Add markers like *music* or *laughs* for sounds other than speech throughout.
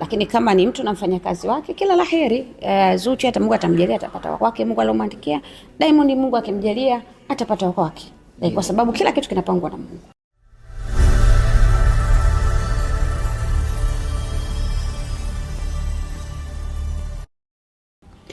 lakini kama ni mtu na mfanyakazi wake, kila heri. Uh, Zuchu hata Mungu atamjalia atapata wake, Mungu alomwandikia. Diamond Mungu akimjalia atapata wake, eh, kwa sababu kila kitu kinapangwa na Mungu.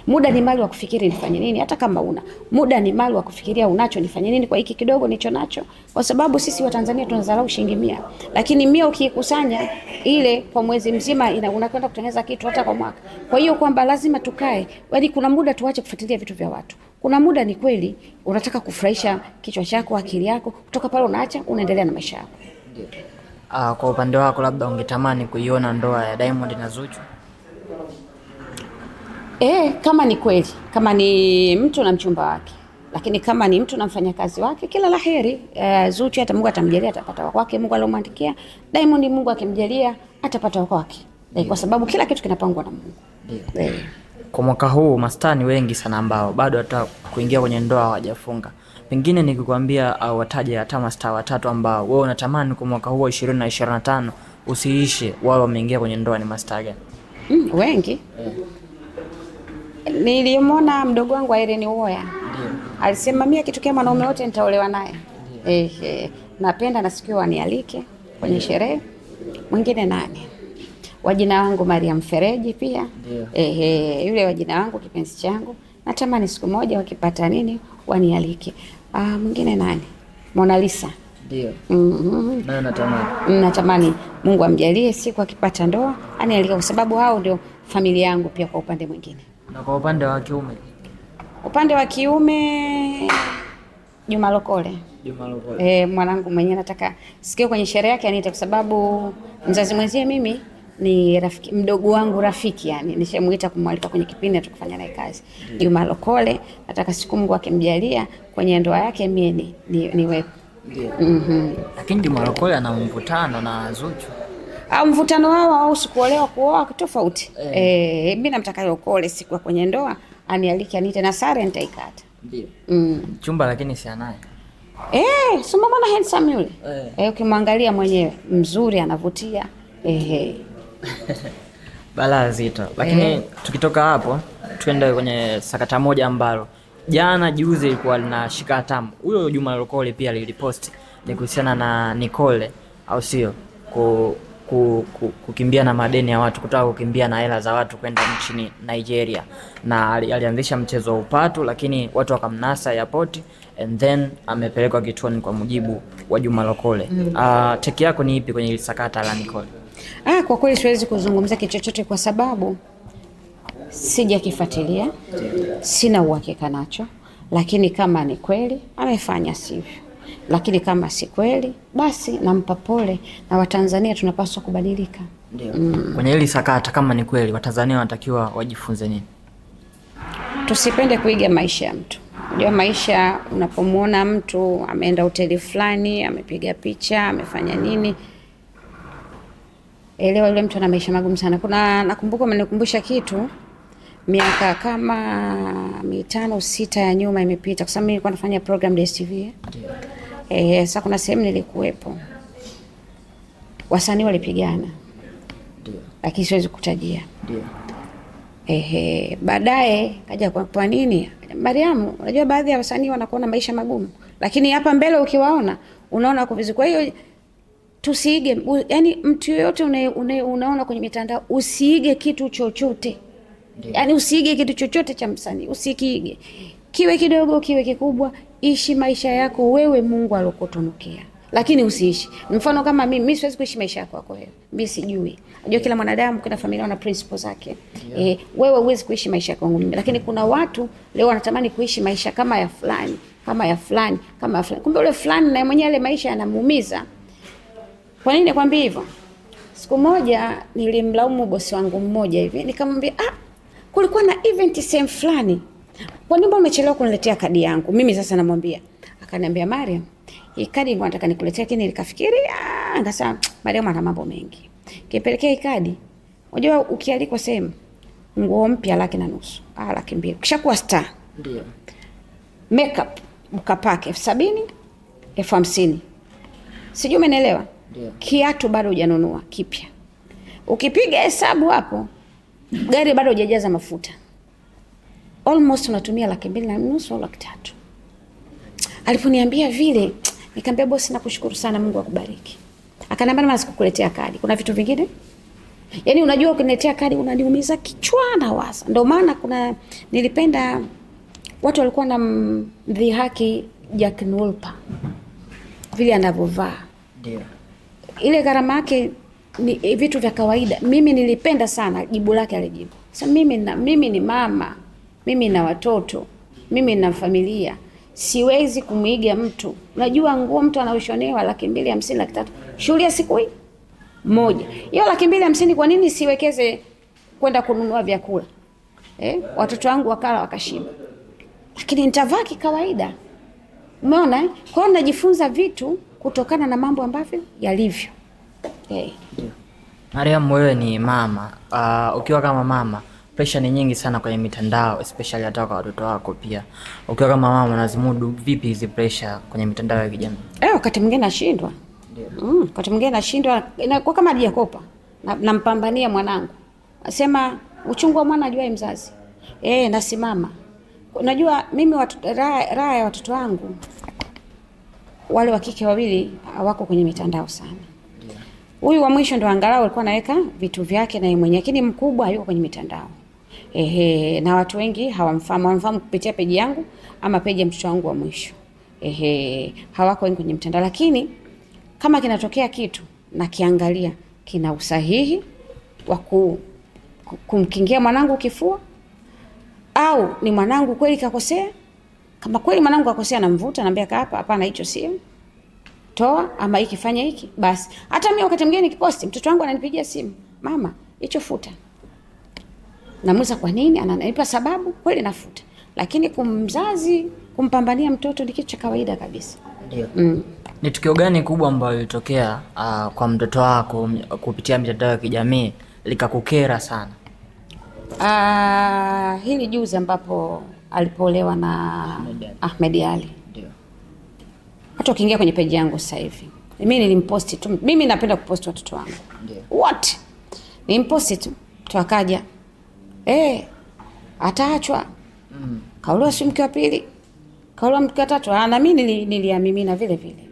Muda ni mali wa kufikiri nifanye nini, hata kama una muda ni mali wa kufikiria unacho nifanye nini kwa hiki kidogo nicho nacho, kwa sababu sisi wa Tanzania tunadharau shilingi mia, lakini mia ukikusanya ile kwa mwezi mzima ina unakwenda kutengeneza kitu hata kwa mwaka. Kwa hiyo kwamba lazima tukae, yaani kuna muda tuache kufuatilia vitu vya watu. Kuna muda ni kweli unataka kufurahisha kichwa chako, akili yako, kutoka pale unaacha unaendelea na maisha yako. Uh, kwa upande wako labda ungetamani kuiona ndoa ya Diamond na Zuchu? E, kama ni kweli kama ni mtu na mchumba wake, lakini kama ni mtu na mfanyakazi wake, kila la heri. E, Zuchu hata Mungu atamjalia atapata wakwake, Mungu alomwandikia. Diamond Mungu akimjalia atapata wakwake, eh, kwa sababu kila kitu kinapangwa na Mungu. Ndio. Kwa mwaka huu mastani wengi sana ambao bado hata kuingia kwenye ndoa hawajafunga, pengine nikikwambia au wataje hata mastaa watatu ambao wewe unatamani kwa mwaka huu wa ishirini na ishirini na tano usiishe, wao wameingia kwenye ndoa, ni mastaa gani? Mm, wengi yeah nilimwona mdogo wangu Irene Uwoya alisema mimi akitokea mwanaume wote nitaolewa naye. yeah. Eh, napenda nasikia wanialike kwenye yeah. sherehe. Mwingine nani? Wajina wangu Maria Mfereji pia. yeah. Eh, yule wajina wangu kipenzi changu. Natamani siku moja wakipata nini wanialike. Ah, mwingine nani? Mona Lisa. Ndio. Mhm. Mm -hmm. Natamani. Natamani Mungu amjalie siku akipata ndoa anialike kwa sababu hao ndio familia yangu pia kwa upande mwingine. Na kwa upande wa kiume? Upande wa kiume Juma Lokole. Juma Lokole. Eh, mwanangu mwenyewe nataka sikio kwenye sherehe yake aniite kwa sababu mzazi mwenzie mimi ni rafiki mdogo wangu rafiki, yani nishamuita kumwalika kwenye kipindi atakufanya naye kazi Hmm. Juma Lokole, nataka siku Mungu akimjalia kwenye ndoa yake mie ni, ni, niwepo. Mhm. Lakini Juma Lokole ana mvutano na Zuchu au mvutano wao au sikuolewa kuoa tofauti eh. E, mimi namtaka yokole siku ya kwenye ndoa anialike anite na sare nitaikata. Ndio. Mm. Chumba lakini si anaye. Eh, si mwana handsome yule. Eh, e, ukimwangalia mwenyewe mzuri anavutia. Eh. *laughs* Balaa zito. Lakini e, tukitoka hapo tuende kwenye sakata moja ambalo jana juzi ilikuwa linashika hatamu. Huyo Juma Lokole pia liliposti ni kuhusiana na Nicole au sio? kukimbia na madeni ya watu, kutoka kukimbia na hela za watu kwenda nchini Nigeria, na alianzisha mchezo wa upatu, lakini watu wakamnasa yapoti and then amepelekwa kituoni kwa mujibu wa Juma Lokole. mm. Uh, teki yako ni ipi kwenye sakata la Nicole? Ah, kwa kweli siwezi kuzungumza kitu chochote kwa sababu sijakifuatilia, sina uhakika nacho, lakini kama ni kweli amefanya sivyo lakini kama si kweli, basi nampa pole, na Watanzania tunapaswa kubadilika. Ndio. Mm. Kwenye hili sakata kama ni kweli, Watanzania wanatakiwa wajifunze nini? Tusipende kuiga maisha ya mtu. Unajua, maisha unapomwona mtu ameenda hoteli fulani, amepiga picha, amefanya nini, elewa yule mtu ana maisha magumu sana. Kuna nakumbuka, amenikumbusha kitu, miaka kama mitano sita ya nyuma imepita, kwa sababu nilikuwa nafanya program DSTV. Ndio. Eh, sasa kuna sehemu nilikuwepo, wasanii walipigana, lakini siwezi kutajia. Eh, eh, baadaye kaja kwa, kwa nini Mariamu, unajua baadhi ya wasanii wanakuona maisha magumu, lakini hapa mbele ukiwaona unaona wako vizuri. Kwa hiyo tusiige, yani mtu yoyote unaona kwenye mitandao usiige kitu chochote, yani usiige kitu chochote cha msanii, usikiige kiwe kidogo kiwe kikubwa ishi maisha yako wewe Mungu alokutunukia, lakini usiishi mfano kama mimi. Mimi siwezi kuishi maisha yako yako wewe, mimi sijui. Unajua kila mwanadamu, kuna familia wana principle zake yeah. E, wewe huwezi kuishi maisha yako mimi, lakini kuna watu leo wanatamani kuishi maisha kama ya fulani kama ya fulani kama ya fulani, kumbe yule fulani na mwenyewe ile maisha yanamuumiza. Kwa nini nikwambia hivyo? Siku moja nilimlaumu bosi wangu mmoja hivi, nikamwambia ah, kulikuwa na event sehemu fulani kwa nini umechelewa kuniletea kadi yangu? Mimi sasa namwambia. Akaniambia Mariam, hii kadi ilikuwa nataka nikuletea lakini nikafikiri ah, ngasema Mariam ana mambo mengi. Kipelekea hii kadi. Unajua ukialikwa sehemu nguo mpya laki na nusu, ah, laki mbili. Kishakuwa star. Ndio. Makeup mkapake elfu sabini, elfu hamsini. Sijui umenielewa? Ndio. Kiatu bado hujanunua kipya. Ukipiga hesabu hapo gari bado hujajaza mafuta almost unatumia laki mbili na nusu au laki tatu. Aliponiambia vile, nikamwambia bosi, nakushukuru sana, Mungu akubariki. Akaniambia maana sikukuletea kadi, kuna vitu vingine yaani, unajua ukiniletea kadi unaniumiza kichwa na wasa. Ndio maana kuna nilipenda watu walikuwa na mdhihaki Jack Wolper vile anavyovaa, ndio ile gharama yake ni eh, vitu vya kawaida. Mimi nilipenda sana jibu lake alijibu, sasa mimi na mimi ni mama mimi na watoto, mimi na familia, siwezi kumwiga mtu. Unajua nguo mtu anaoshonewa laki mbili hamsini laki tatu shughuli ya siku hii moja, hiyo laki mbili hamsini kwa nini siwekeze kwenda kununua vyakula eh? Watoto wangu wakala wakashiba, lakini nitavaa kikawaida. Umeona eh? Kwa hiyo najifunza vitu kutokana na mambo ambavyo yalivyo. eh. Mariam, wewe ni mama. Uh, ukiwa kama mama Pressure ni nyingi sana kwenye mitandao especially hata kwa watoto wako pia. Ukiwa kama mama unazimudu vipi hizi pressure kwenye mitandao ya kijamii? Eh, wakati mwingine nashindwa. Ndio. Mm, wakati mwingine nashindwa inakuwa kama hajakopa. Nampambania na mwanangu. Nasema uchungu wa mwana ajua mzazi. Eh, nasimama. Unajua mimi watu, raha ya watoto wangu wale wa kike wawili hawako kwenye mitandao sana. Huyu wa mwisho ndo angalau alikuwa anaweka vitu vyake na yeye mwenyewe, lakini mkubwa hayuko kwenye mitandao. Ehe, na watu wengi hawamfahamu, hawamfahamu kupitia peji yangu ama peji ya mtoto wangu wa mwisho. Ehe, hawako wengi kwenye mtandao, lakini kama kinatokea kitu na kiangalia kina usahihi wa kumkingia mwanangu kifua, au ni mwanangu kweli kakosea. Kama kweli mwanangu kakosea, namvuta naambia, kaa hapa, hapana, hicho sio toa, ama hiki fanya hiki. Basi hata mimi wakati mwingine nikiposti, mtoto wangu ananipigia simu, mama, hicho futa namuuliza kwa nini, ananipa sababu, kweli nafuta. Lakini kumzazi kumpambania mtoto ni kitu cha kawaida kabisa. Ndio. Mm. Ni tukio gani kubwa ambayo ilitokea uh, ah, kwa mtoto wako kupitia mitandao ya kijamii likakukera sana? Uh, hili juzi ambapo alipoolewa na Ahmed Ali. Ndio. Hata ukiingia kwenye peji yangu sasa hivi mimi nilimposti tu, mimi napenda kuposti watoto wangu wote, nilimposti tu, akaja eh, ataachwa. Mm. Kauliwa si mke wa pili, kauliwa mke wa tatu. Ah, na mimi nili, niliamimina vile vile.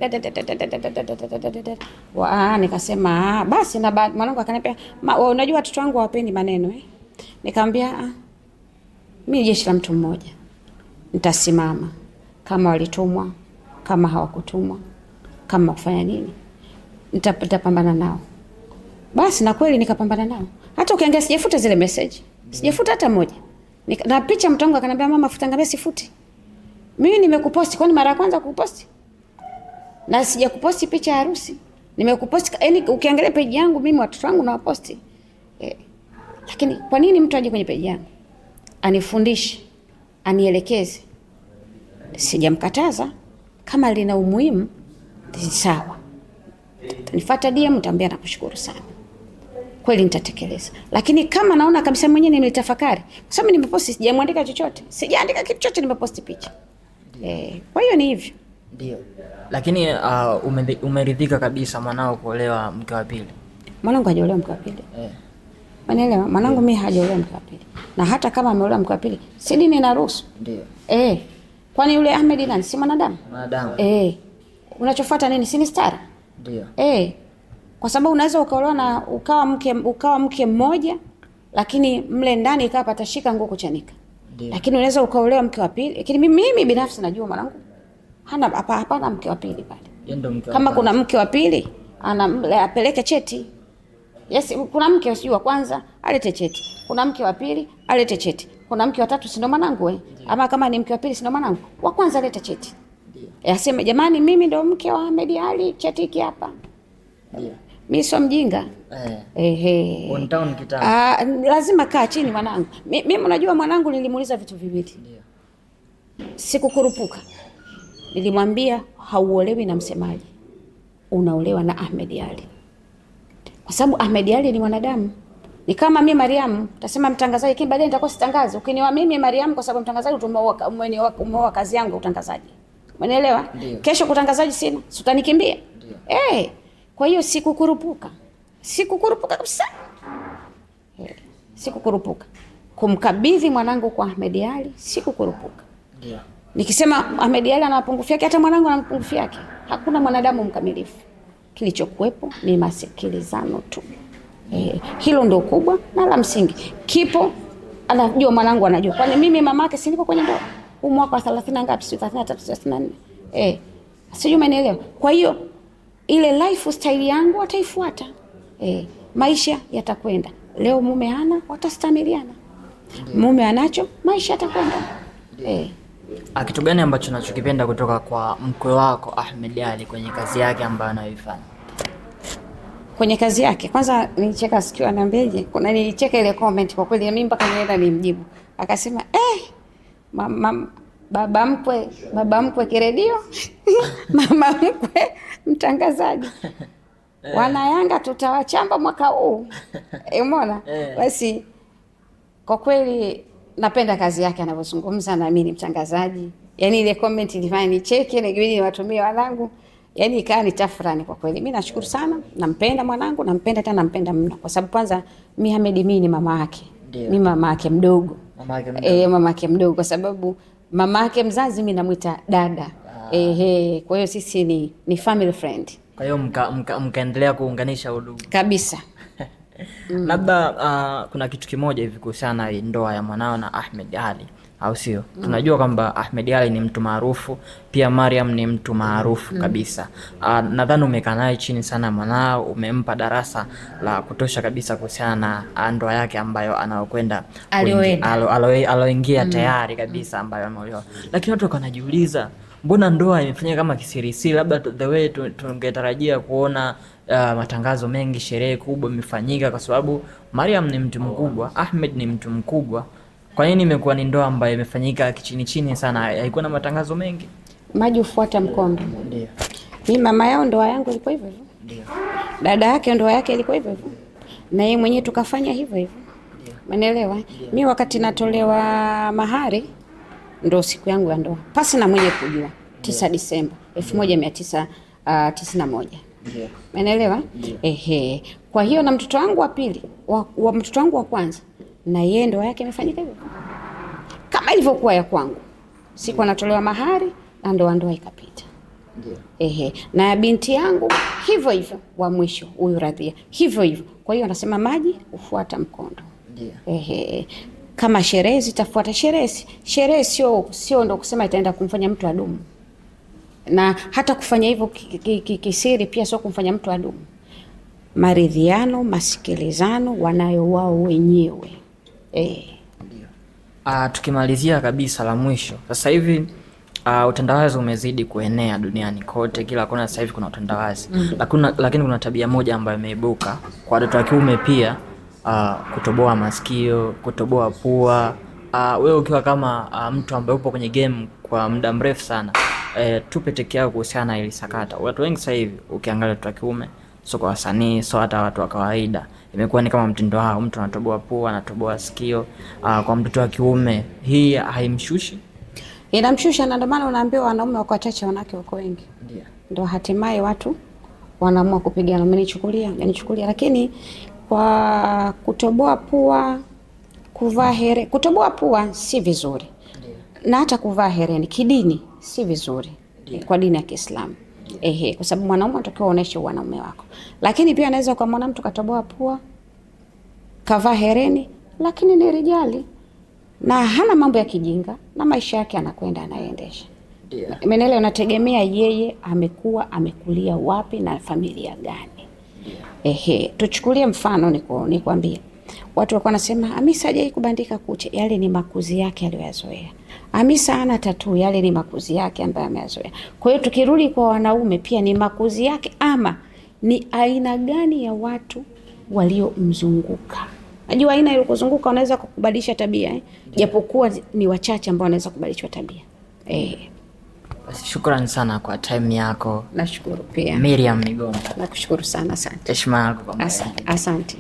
Ah, nikasema ah, basi na mwanangu akaniambia, ma, unajua watoto wangu hawapendi maneno eh. Nikamwambia ah, mimi jeshi la mtu mmoja. Nitasimama kama walitumwa, kama hawakutumwa, kama kufanya nini, nitapambana nao. Basi na kweli nikapambana nao, hata ukiangalia sijafuta zile message sijafuta hata moja na picha. Mtongo akaniambia mama, futa. Ngambia sifuti mimi, nimekuposti kwani mara ya kwanza kuposti? Na sijakuposti picha ya harusi, nimekuposti yani, ukiangalia peji yangu mimi watoto wangu nawaposti eh. Lakini kwa nini mtu aje kwenye peji yangu anifundishe, anielekeze? Sijamkataza, kama lina umuhimu ni sawa, Nifuata DM, nitaambia nakushukuru sana kweli nitatekeleza. Lakini kama naona kabisa mwenyewe nimetafakari, kwa sababu nimeposti, sijamwandika chochote, sijaandika kitu chochote, nimeposti picha eh. Kwa hiyo ni hivyo ndio. Lakini uh, umeridhika kabisa mwanao kuolewa mke wa pili? Mwanangu hajaolewa mke wa pili eh. Unaelewa, mwanangu mimi hajaolewa mke wa pili, na hata kama ameolewa mke wa pili, si dini inaruhusu ndio eh. Kwani yule Ahmed nani, si mwanadamu? Mwanadamu eh. Unachofuata nini? Si ni stara ndio eh kwa sababu unaweza ukaolewa na ukawa mke ukawa mke mmoja, lakini mle ndani ikawa patashika nguo kuchanika. Lakini unaweza ukaolewa mke wa pili, lakini mimi, mimi binafsi najua mwanangu hana hapa, hapana mke wa pili pale. Kama kuna mke wa pili ana apeleke cheti. Yes, kuna mke sio wa kwanza alete cheti, kuna mke wa pili alete cheti, kuna mke wa tatu, si ndo mwanangu eh? Ama kama ni mke wa pili, si ndo mwanangu wa kwanza alete cheti, Yaseme jamani, mimi ndo mke wa Ahmed Ali, cheti hiki hapa mi sio mjinga eh. Eh, Ah, lazima kaa chini mwanangu. Mimi unajua mwanangu, nilimuuliza vitu viwili, sikukurupuka. Nilimwambia hauolewi na msemaji, unaolewa na Ahmed Ali, kwa sababu Ahmed Ali ni mwanadamu. Ni kama mimi Mariam utasema mtangazaji, lakini baadaye nitakuwa sitangazi. Ukiniwa mimi Mariam kwa sababu mtangazaji, umeoa kazi yangu ya utangazaji, umenielewa? Kesho kutangazaji sina, sutanikimbia eh. Kwa hiyo sikukurupuka, sikukurupuka kabisa, eh, sikukurupuka kumkabidhi mwanangu kwa Ahmed Ally, sikukurupuka yeah. Nikisema Ahmed Ali ana mapungufu yake, hata mwanangu ana mapungufu yake. Hakuna mwanadamu mkamilifu, kilichokuwepo ni masikilizano tu. Eh, hilo ndo kubwa na la msingi kipo. Anajua mwanangu, anajua kwani mimi mamake si niko kwenye ndoa huu mwaka wa 30 ngapi, si 33 34 eh, sijui umenielewa. Kwa hiyo ile lifestyle yangu wataifuata. E, maisha yatakwenda. Leo mume hana, watastamiliana. Mume anacho, maisha yatakwenda. E. Ah, kitu gani ambacho nachokipenda kutoka kwa mkwe wako Ahmed ali kwenye kazi yake ambayo anayoifanya? Kwenye kazi yake kwanza, nilicheka na mbeje, kuna nilicheka ile comment kwa kweli, mimi mpaka nienda nimjibu, akasema eh, mama baba mkwe, baba mkwe kiredio *laughs* mama mkwe mtangazaji eh. wana Yanga tutawachamba mwaka huu *laughs* eh, umeona. Eh. Basi kwa kweli napenda kazi yake anavyozungumza, na mimi ni mtangazaji. Yani ile comment ilifanya nicheke, nibidi niwatumie wanangu, yani ikawa ni tafrani kwa kweli. Mimi nashukuru sana, nampenda mwanangu, nampenda tena, nampenda mno, kwa sababu kwanza Mohamed mimi ni mama yake, mimi mama yake mdogo, mama yake mdogo, e, mama yake mdogo kwa sababu mama yake mzazi mimi namwita dada. Ah. Ehe, kwa hiyo sisi ni, ni family friend. Kwa hiyo mkaendelea mka, mka kuunganisha udugu kabisa. *laughs* Labda mm. Uh, kuna kitu kimoja hivi kuhusiana na ndoa ya mwanao na Ahmed ali au sio? mm. Tunajua kwamba Ahmed Ally ni mtu maarufu pia, Mariam ni mtu maarufu mm. kabisa. Uh, Nadhani umekaa naye chini sana mwanao, umempa darasa la kutosha kabisa kuhusiana na ah, ndoa yake ambayo anaokwenda aloingia mm. tayari kabisa, mm. ambayo ameolewa. Lakini watu wanajiuliza mbona ndoa imefanyika kama kisirisiri? Labda the way tungetarajia kuona uh, matangazo mengi, sherehe kubwa imefanyika, kwa sababu Mariam ni mtu mkubwa, Ahmed ni mtu mkubwa kwa nini imekuwa ni ndoa ambayo imefanyika kichini chini sana, haikuwa na matangazo mengi? Maji hufuata mkondo. Ndio. mama yao ndoa yangu ilikuwa hivyo hivyo. Dada yake ndoa yake ilikuwa hivyo hivyo. Na yeye mwenyewe tukafanya hivyo hivyo. Umeelewa? Mi wakati natolewa mahari ndo siku yangu ya ndoa. Pasi na mwenye kujua. 9 Disemba 1991. Ah, Umeelewa? Ehe. Kwa hiyo na mtoto wangu wa pili, wa, wa mtoto wangu wa kwanza na yeye ndoa yake imefanyika hivyo kama ilivyokuwa ya kwangu. Siku anatolewa mahari na ndoa ndoa ikapita. Yeah. Ehe, na ya binti yangu hivyo hivyo, wa mwisho huyu Radhia hivyo hivyo. Kwa hiyo anasema maji hufuata mkondo. Yeah. Ehe, kama sherehe zitafuata sherehe. Sherehe sio sio ndo kusema itaenda kumfanya mtu adumu, na hata kufanya hivyo kisiri pia sio kumfanya mtu adumu. Maridhiano, masikilizano wanayo wao wenyewe eh. Ah, tukimalizia kabisa la mwisho sasa hivi uh, utandawazi umezidi kuenea duniani kote, kila kona sasa hivi kuna utandawazi mm Lakuna, lakini kuna tabia moja ambayo imeibuka kwa watoto wa kiume pia uh, kutoboa masikio, kutoboa pua. Uh, wewe ukiwa kama uh, mtu ambaye upo kwenye game kwa muda mrefu sana eh, tupe tekeo kuhusiana na hili sakata. Watu wengi sasa hivi ukiangalia watoto wa kiume so kwa wasanii, so hata watu wa kawaida imekuwa ni kama mtindo wao, mtu anatoboa pua, anatoboa sikio. Uh, kwa mtoto wa kiume hii haimshushi, inamshusha, na ndio maana unaambiwa wanaume wako wachache, wanawake wako wengi, ndio ndio hatimaye watu wanaamua kupigana. Umenichukulia, umenichukulia. Lakini kwa kutoboa pua, kuvaa here, kutoboa pua si vizuri, yeah. na hata kuvaa hereni kidini si vizuri, yeah. kwa dini ya Kiislamu Ehe, kwa sababu mwanaume anatakiwa uoneshe wanaume wako, lakini pia anaweza kwa mtu katoboa pua, kavaa hereni, lakini ni rijali na hana mambo ya kijinga na maisha yake anakwenda anaendesha. Yeah. Menele, nategemea yeye amekuwa amekulia wapi na familia gani. Yeah. Ehe, tuchukulie mfano nikwambie, watu walikuwa wanasema Hamisa ah, hajai kubandika kucha, yale ni makuzi yake aliyoyazoea. Hamisa ana tatu, yale ni makuzi yake ambayo ameyazoea. Kwa hiyo tukirudi kwa wanaume, pia ni makuzi yake ama ni aina gani ya watu waliomzunguka. Najua aina ilikuzunguka unaweza kukubadilisha tabia eh? Japokuwa ni wachache ambao wanaweza kubadilishwa tabia eh. Shukrani sana kwa time yako. Nashukuru pia Miriam Migomba. Nakushukuru sana, sana. Heshima yako. Asante.